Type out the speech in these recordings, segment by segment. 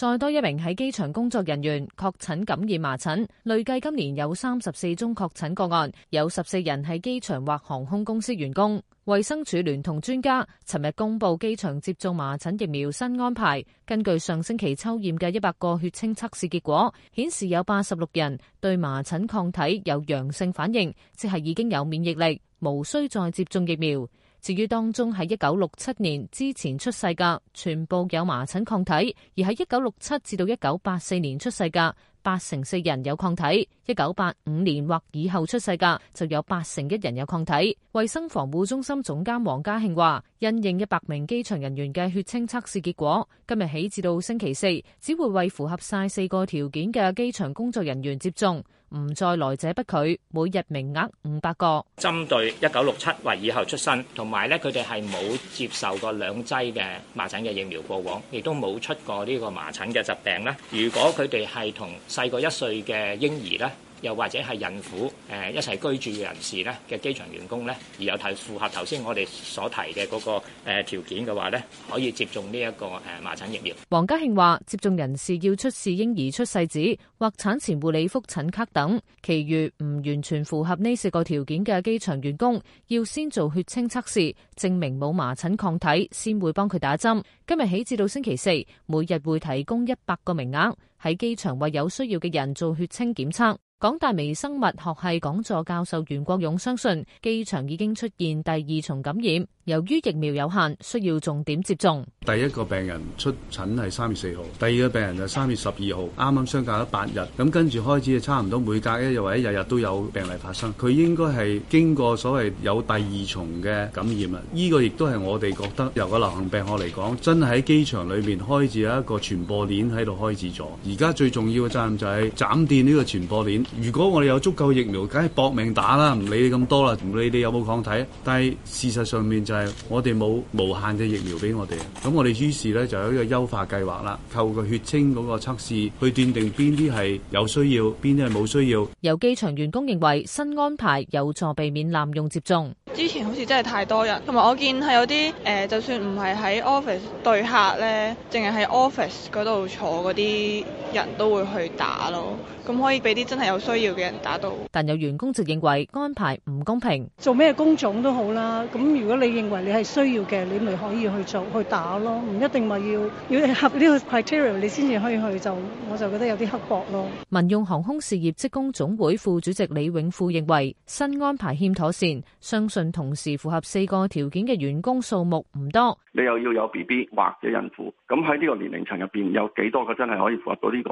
再多一名喺機場工作人員確診感染麻疹，累計今年有三十四宗確診個案，有十四人係機場或航空公司員工。衛生署聯同專家尋日公布機場接種麻疹疫苗新安排，根據上星期抽驗嘅一百個血清測試結果，顯示有八十六人對麻疹抗體有陽性反應，即係已經有免疫力，無需再接種疫苗。至於當中喺一九六七年之前出世嘅，全部有麻疹抗體，而喺一九六七年到一九八四年出世嘅，八成四人有抗體，一九八五年或以後出世噶就有八成一人有抗體。衛生防護中心總監黃加慶話，因應一百名機場人員嘅血清測試結果，今日起至到星期四只會為符合晒四個條件嘅機場工作人員接種，唔再來者不拒，每日名額五百個。針對一九六七或以後出生，同埋咧佢哋係冇接受過兩劑嘅麻疹嘅疫苗過往，亦都冇出過呢個麻疹嘅疾病咧。如果佢哋係同細過一歲嘅嬰兒咧，又或者係孕婦，誒一齊居住嘅人士咧嘅機場員工咧，而有係符合頭先我哋所提嘅嗰個誒條件嘅話咧，可以接種呢一個誒麻疹疫苗。黃家慶話，接種人士要出示嬰兒出世紙或產前護理覆診卡等，其餘唔完全符合呢四個條件嘅機場員工要先做血清測試，證明冇麻疹抗體先會幫佢打針。今日起至到星期四，每日會提供一百個名額喺機場為有需要嘅人做血清檢測。港大微生物學系講座教授袁國勇相信機場已經出現第二重感染，由於疫苗有限，需要重點接種。第一個病人出疹係三月四號，第二個病人就三月十二號，啱啱相隔咗八日，咁跟住開始就差唔多每隔一日或者日日都有病例發生。佢應該係經過所謂有第二重嘅感染啊，呢個亦都係我哋覺得由個流行病學嚟講，真係喺機場裏邊開始有一個傳播鏈喺度開始咗。而家最重要嘅責任就係斬斷呢個傳播鏈。如果我哋有足夠疫苗，梗係搏命打啦，唔理你咁多啦。唔理你有冇抗體，但係事實上面就係我哋冇無限嘅疫苗俾我哋。咁我哋於是咧就有一個優化計劃啦，靠個血清嗰個測試去斷定邊啲係有需要，邊啲係冇需要。有機場員工認為新安排有助避免濫用接種。之前好似真係太多人，同埋我見係有啲誒、呃、就算唔係喺 office 對客咧，淨係喺 office 度坐嗰啲人都會去打咯。咁可以俾啲真係有。需要嘅人打到，但有員工就認為安排唔公平。做咩工種都好啦，咁如果你認為你係需要嘅，你咪可以去做去打咯，唔一定咪要要合呢個 criteria 你先至可以去。就我就覺得有啲刻薄咯。民用航空事業職工總會副主席李永富認為新安排欠妥善，相信同時符合四個條件嘅員工數目唔多。你又要有 BB 或者孕婦，咁喺呢個年齡層入邊有幾多個真係可以符合到呢個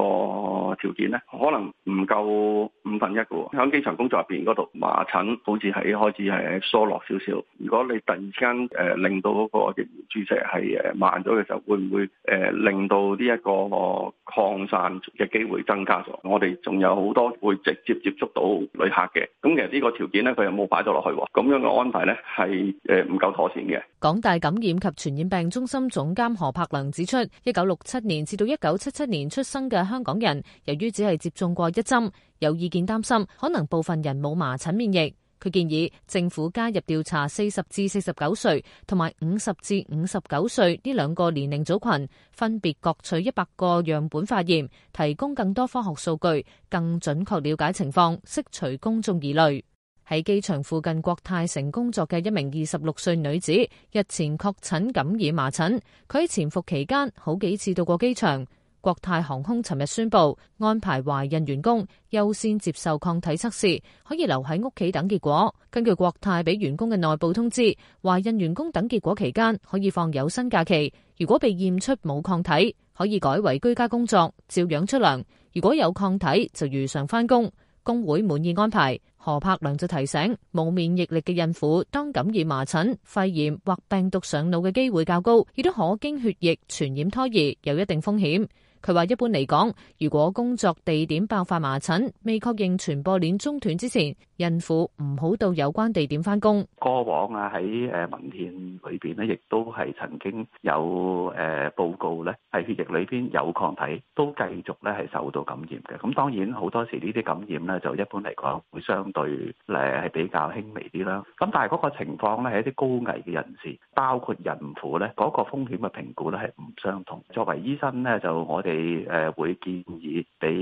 條件咧？可能唔夠。五分一嘅喺機場工作入邊嗰度麻疹好似喺開始係疏落少少。如果你突然間誒令到嗰個注射係誒慢咗嘅時候，會唔會誒令到呢一個擴散嘅機會增加咗？我哋仲有好多會直接接觸到旅客嘅。咁其實呢個條件呢，佢又冇擺咗落去咁樣嘅安排呢，係誒唔夠妥善嘅。港大感染及傳染病中心總監何柏良指出，一九六七年至到一九七七年出生嘅香港人，由於只係接種過一針。有意見擔心，可能部分人冇麻疹免疫。佢建議政府加入調查四十至四十九歲同埋五十至五十九歲呢兩個年齡組群，分別各取一百個樣本化驗，提供更多科學數據，更準確了解情況，釋除公眾疑慮。喺機場附近國泰城工作嘅一名二十六歲女子，日前確診感染麻疹。佢喺潛伏期間好幾次到過機場。國泰航空尋日宣布安排懷孕員工優先接受抗體測試，可以留喺屋企等結果。根據國泰俾員工嘅內部通知，懷孕員工等結果期間可以放有薪假期。如果被驗出冇抗體，可以改為居家工作，照樣出糧；如果有抗體，就如常返工。工會滿意安排。何柏良就提醒，冇免疫力嘅孕婦當感染麻疹、肺炎或病毒上腦嘅機會較高，亦都可經血液傳染胎兒，有一定風險。佢話一般嚟講，如果工作地點爆發麻疹，未確認傳播鏈中斷之前，孕婦唔好到有關地點翻工。過往啊，喺誒文獻裏邊咧，亦都係曾經有誒報告咧，係血液裏邊有抗體，都繼續咧係受到感染嘅。咁當然好多時呢啲感染咧，就一般嚟講會相對誒係比較輕微啲啦。咁但係嗰個情況咧，係一啲高危嘅人士，包括孕婦咧，嗰個風險嘅評估咧係唔相同。作為醫生咧，就我哋。誒，會建議俾誒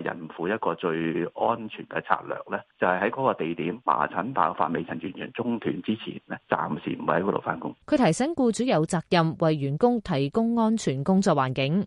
孕婦一個最安全嘅策略咧，就係喺嗰個地點，麻疹爆發未曾完全中斷之前咧，暫時唔喺嗰度翻工。佢提醒僱主有責任為員工提供安全工作環境。